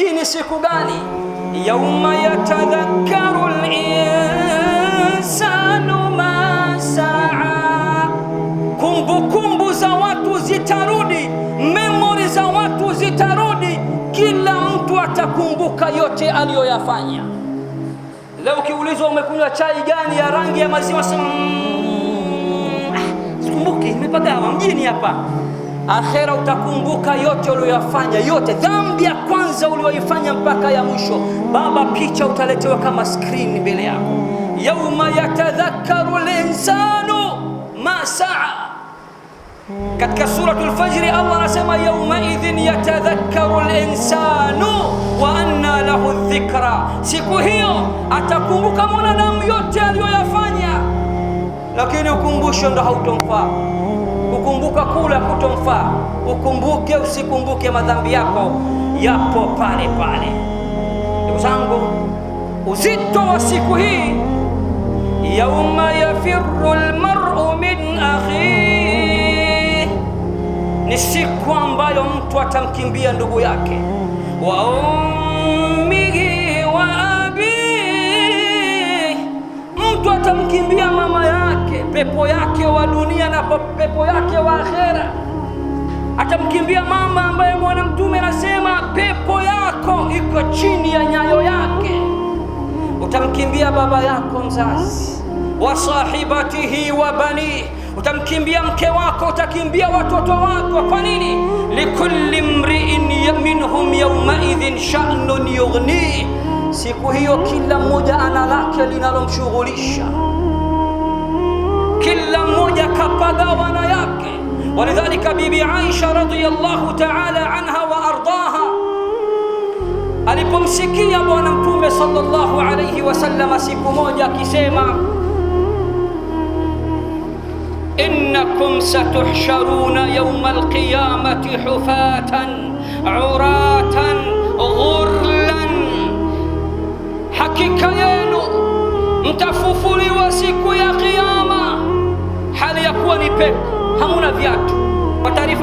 Hii ni siku gani? Yauma yatadhakkaru linsanu ma saa, kumbukumbu za watu zitarudi, memori za watu zitarudi, kila mtu atakumbuka yote aliyoyafanya. Leo ukiulizwa umekunywa chai gani ya rangi ya maziwa, sema mm, ah, sikumbuki, nimepagawa mjini hapa akhera utakumbuka yote uliyoyafanya, yote dhambi ya kwanza uliyoifanya mpaka ya mwisho. Baba, picha utaletewa kama skrini mbele yako. Yauma yatadhakaru linsanu ma saa katika Suratul Fajri Allah anasema yauma idhin yatadhakkaru linsanu wa anna lahu dhikra, siku hiyo atakumbuka mwanadamu yote aliyoyafanya, lakini ukumbusho ndo hautomfaa kufa, ukumbuke usikumbuke, madhambi yako yapo pale pale. Ndugu zangu, uzito wa siku hii, yauma yafiru lmaru min akhihi, ni siku ambayo mtu atamkimbia ndugu yake wa ummihi wa abi mtu atamkimbia mama yake, pepo yake wa dunia na pepo yake wa akhera atamkimbia mama ambaye mwana mtume anasema pepo yako iko chini ya nyayo yake. Utamkimbia baba yako mzazi, wa sahibatihi wa bani, utamkimbia mke wako, utakimbia watoto wako. Kwa nini? likulli mriin minhum idhin shanun yughni, siku hiyo kila mmoja ana lake linalomshughulisha, kila mmoja kapagawana yake ولذلك bibi Aisha radhiallahu ta'ala anha wa ardaha alipomsikia bwana mtume sallallahu alayhi wasallam siku moja akisema innakum satuhsharuna yawma alqiyamati hufatan uratan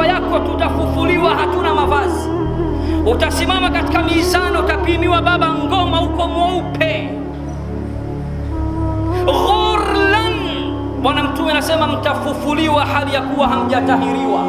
yako tutafufuliwa, hatuna mavazi. Utasimama katika mizano utapimiwa baba ngoma, uko mweupe ghorlan. Bwana Mtume anasema mtafufuliwa hali ya kuwa hamjatahiriwa.